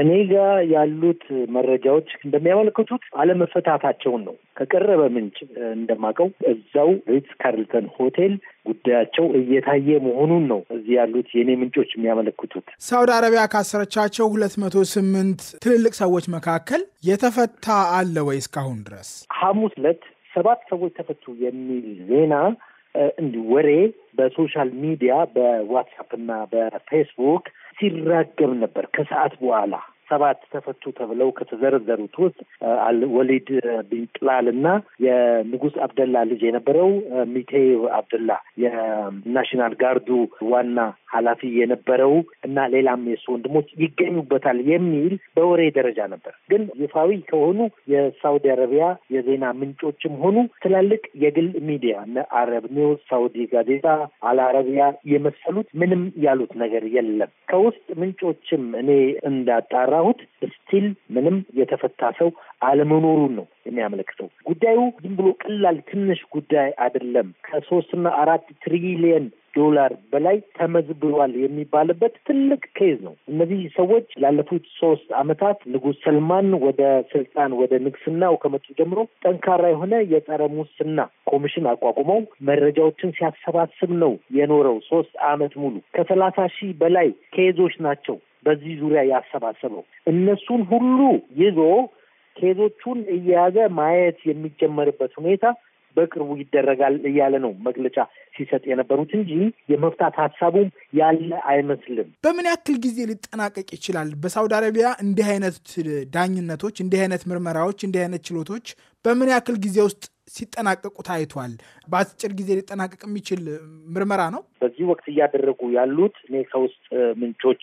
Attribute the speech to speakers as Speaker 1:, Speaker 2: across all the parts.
Speaker 1: እኔ ጋር ያሉት መረጃዎች እንደሚያመለክቱት አለመፈታታቸውን ነው። ከቀረበ ምንጭ እንደማውቀው እዛው ሪትስ ካርልተን ሆቴል ጉዳያቸው እየታየ መሆኑን ነው እዚህ ያሉት የእኔ ምንጮች የሚያመለክቱት። ሳውዲ አረቢያ ካሰረቻቸው ሁለት መቶ ስምንት ትልልቅ ሰዎች መካከል የተፈታ አለ ወይ እስካሁን ድረስ? ሐሙስ ዕለት ሰባት ሰዎች ተፈቱ የሚል ዜና እንዲህ ወሬ በሶሻል ሚዲያ በዋትሳፕ እና በፌስቡክ ሲራገብ ነበር ከሰዓት በኋላ ሰባት ተፈቱ ተብለው ከተዘረዘሩት ውስጥ አልወሊድ ቢንጥላል እና የንጉስ አብደላ ልጅ የነበረው ሚቴው አብደላ የናሽናል ጋርዱ ዋና ኃላፊ የነበረው እና ሌላም የሱ ወንድሞች ይገኙበታል የሚል በወሬ ደረጃ ነበር። ግን ይፋዊ ከሆኑ የሳውዲ አረቢያ የዜና ምንጮችም ሆኑ ትላልቅ የግል ሚዲያ አረብ ኒውስ፣ ሳውዲ ጋዜጣ፣ አልአረቢያ የመሰሉት ምንም ያሉት ነገር የለም። ከውስጥ ምንጮችም እኔ እንዳጣራ ሰራዊት ስቲል ምንም የተፈታ ሰው አለመኖሩን ነው የሚያመለክተው። ጉዳዩ ዝም ብሎ ቀላል ትንሽ ጉዳይ አይደለም። ከሶስትና አራት ትሪሊየን ዶላር በላይ ተመዝብሯል የሚባልበት ትልቅ ኬዝ ነው። እነዚህ ሰዎች ላለፉት ሶስት አመታት ንጉስ ሰልማን ወደ ስልጣን ወደ ንግስናው ከመጡ ጀምሮ ጠንካራ የሆነ የጸረ ሙስና ኮሚሽን አቋቁመው መረጃዎችን ሲያሰባስብ ነው የኖረው። ሶስት አመት ሙሉ ከሰላሳ ሺህ በላይ ኬዞች ናቸው በዚህ ዙሪያ ያሰባሰበው። እነሱን ሁሉ ይዞ ኬዞቹን እየያዘ ማየት የሚጀመርበት ሁኔታ በቅርቡ ይደረጋል እያለ ነው መግለጫ ሲሰጥ የነበሩት እንጂ የመፍታት ሀሳቡም ያለ አይመስልም። በምን ያክል ጊዜ ሊጠናቀቅ ይችላል? በሳውዲ አረቢያ እንዲህ አይነት ዳኝነቶች፣ እንዲህ አይነት ምርመራዎች፣ እንዲህ አይነት ችሎቶች በምን ያክል ጊዜ ውስጥ ሲጠናቀቁ ታይቷል? በአጭር ጊዜ ሊጠናቀቅ የሚችል ምርመራ ነው። በዚህ ወቅት እያደረጉ ያሉት ኔሳ ውስጥ ምንጮች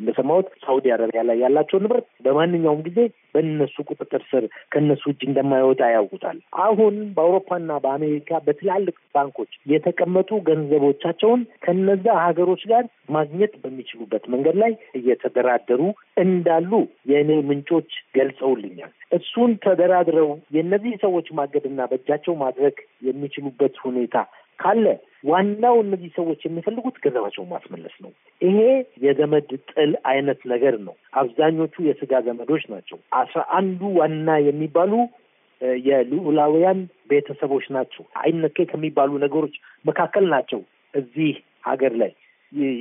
Speaker 1: እንደሰማሁት ሳውዲ አረቢያ ላይ ያላቸው ንብረት በማንኛውም ጊዜ በእነሱ ቁጥጥር ስር ከእነሱ እጅ እንደማይወጣ ያውቁታል። አሁን በአውሮፓና በአሜሪካ በትላልቅ ባንኮች የተቀመጡ ገንዘቦቻቸውን ከነዛ ሀገሮች ጋር ማግኘት በሚችሉበት መንገድ ላይ እየተደራደሩ እንዳሉ የእኔ ምንጮች ገልጸውልኛል። እሱን ተደራድረው የእነዚህ ሰዎች ማገድና በእጃቸው ማድረግ የሚችሉበት ሁኔታ ካለ ዋናው እነዚህ ሰዎች የሚፈልጉት ገንዘባቸውን ማስመለስ ነው። ይሄ የዘመድ ጥል አይነት ነገር ነው። አብዛኞቹ የስጋ ዘመዶች ናቸው። አስራ አንዱ ዋና የሚባሉ የልዑላውያን ቤተሰቦች ናቸው። አይነኬ ከሚባሉ ነገሮች መካከል ናቸው። እዚህ ሀገር ላይ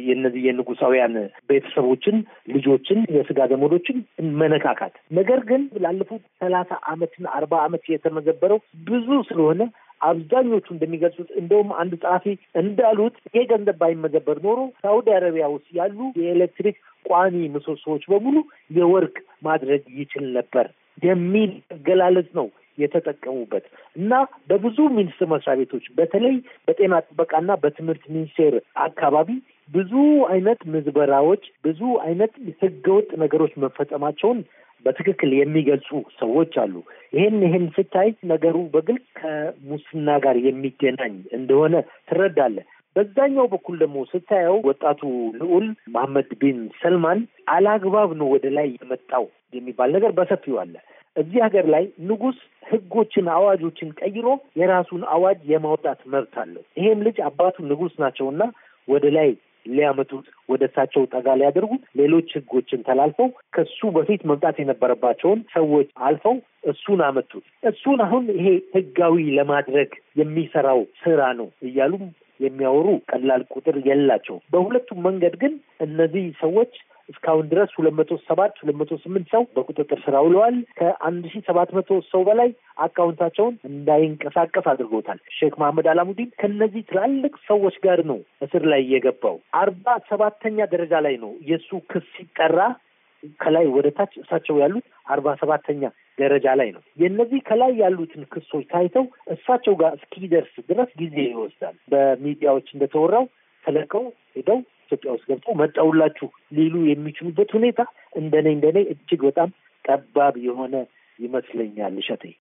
Speaker 1: የእነዚህ የንጉሳውያን ቤተሰቦችን፣ ልጆችን፣ የስጋ ዘመዶችን መነካካት ነገር ግን ላለፉት ሰላሳ አመትና አርባ አመት የተመዘበረው ብዙ ስለሆነ አብዛኞቹ እንደሚገልጹት እንደውም አንድ ጸሐፊ እንዳሉት ይሄ ገንዘብ ባይመዘበር ኖሮ ሳውዲ አረቢያ ውስጥ ያሉ የኤሌክትሪክ ቋሚ ምሰሶዎች በሙሉ የወርቅ ማድረግ ይችል ነበር የሚል አገላለጽ ነው የተጠቀሙበት እና በብዙ ሚኒስቴር መስሪያ ቤቶች በተለይ በጤና ጥበቃና በትምህርት ሚኒስቴር አካባቢ ብዙ አይነት ምዝበራዎች፣ ብዙ አይነት ህገወጥ ነገሮች መፈጸማቸውን በትክክል የሚገልጹ ሰዎች አሉ። ይህን ይህን ስታይ ነገሩ በግልጽ ከሙስና ጋር የሚገናኝ እንደሆነ ትረዳለህ። በዛኛው በኩል ደግሞ ስታየው ወጣቱ ልዑል መሐመድ ቢን ሰልማን አላግባብ ነው ወደ ላይ የመጣው የሚባል ነገር በሰፊው አለ። እዚህ ሀገር ላይ ንጉስ ህጎችን፣ አዋጆችን ቀይሮ የራሱን አዋጅ የማውጣት መብት አለው። ይሄም ልጅ አባቱ ንጉስ ናቸውና ወደ ላይ ሊያመጡት ወደ እሳቸው ጠጋ ሊያደርጉት ሌሎች ህጎችን ተላልፈው ከሱ በፊት መምጣት የነበረባቸውን ሰዎች አልፈው እሱን አመጡት። እሱን አሁን ይሄ ህጋዊ ለማድረግ የሚሰራው ስራ ነው እያሉም የሚያወሩ ቀላል ቁጥር የላቸው። በሁለቱም መንገድ ግን እነዚህ ሰዎች እስካሁን ድረስ ሁለት መቶ ሰባት ሁለት መቶ ስምንት ሰው በቁጥጥር ስራ ውለዋል። ከአንድ ሺ ሰባት መቶ ሰው በላይ አካውንታቸውን እንዳይንቀሳቀስ አድርጎታል። ሼክ መሐመድ አላሙዲን ከነዚህ ትላልቅ ሰዎች ጋር ነው እስር ላይ የገባው። አርባ ሰባተኛ ደረጃ ላይ ነው የእሱ ክስ ሲጠራ ከላይ ወደ ታች እሳቸው ያሉት አርባ ሰባተኛ ደረጃ ላይ ነው። የእነዚህ ከላይ ያሉትን ክሶች ታይተው እሳቸው ጋር እስኪደርስ ድረስ ጊዜ ይወስዳል። በሚዲያዎች እንደተወራው ተለቀው ሄደው ኢትዮጵያ ውስጥ ገብተው መጣውላችሁ ሊሉ የሚችሉበት ሁኔታ እንደኔ እንደኔ እጅግ በጣም ጠባብ የሆነ ይመስለኛል እሸቴ።